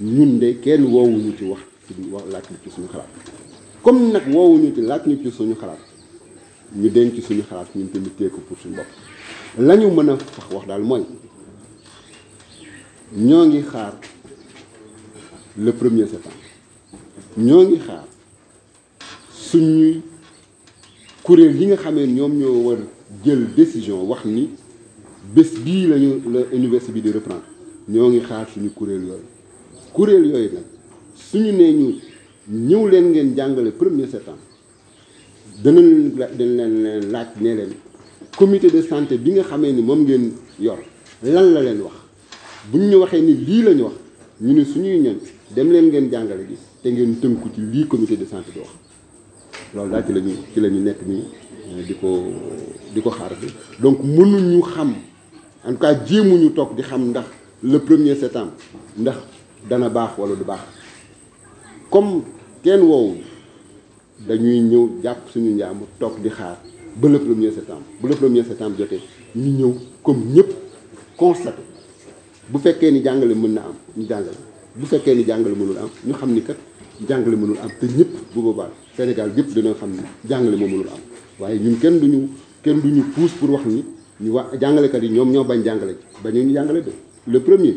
ñun de kenn ci wax ci ci suñu xalaat comme ci ci suñu xalaat ñu denc suñu xalaat ko pour suñu la ñu wax wax daal mooy ñoo xaar le premier septembre ñoo ngi xaar suñuy kuréel yi nga xamee ñoom ñoo war jël décision wax ni bés bii lañu la bi di reprendre nous xaar suñu kuréel yoy nag suñu nee ñu ñëw leen ngeen jàngale premier septembre danañ leen leen leen laaj ne leen comité de santé bi nga xamé ni mom ngeen yor lan la leen wax buñ ñu waxee ni li lañ wax ñu ne suñu ñoñ dem leen ngeen jàngalé gi té ngeen tënku ci lii comité de santé bi wax loolu daal ci lañu ci lañu nekk ni euh, di ko di ko xaar bi donc mënuñu xam en tout cas jéemuñu toog di xam ndax le premier septembre ndax dana bax wala du bax comme ken woowu dañuy ñew japp suñu ñam tok di xaar ba le premier septembre bu le premier septembre joté ñu ñew comme ñëpp constaté bu fekké ni jàngale mën na am ñu jàngale bu fekké ni jàngale mënul am ñu xam ni kat jàngale mënul am té ñëpp bu boobaa Sénégal gëpp dina xam ni jàngale moo mënul am waaye ñun kenn duñu kenn duñu pousse pour wax ni ñu wax kat yi ñoom ñoo bañ jàngale bañu ñu jàngale le premier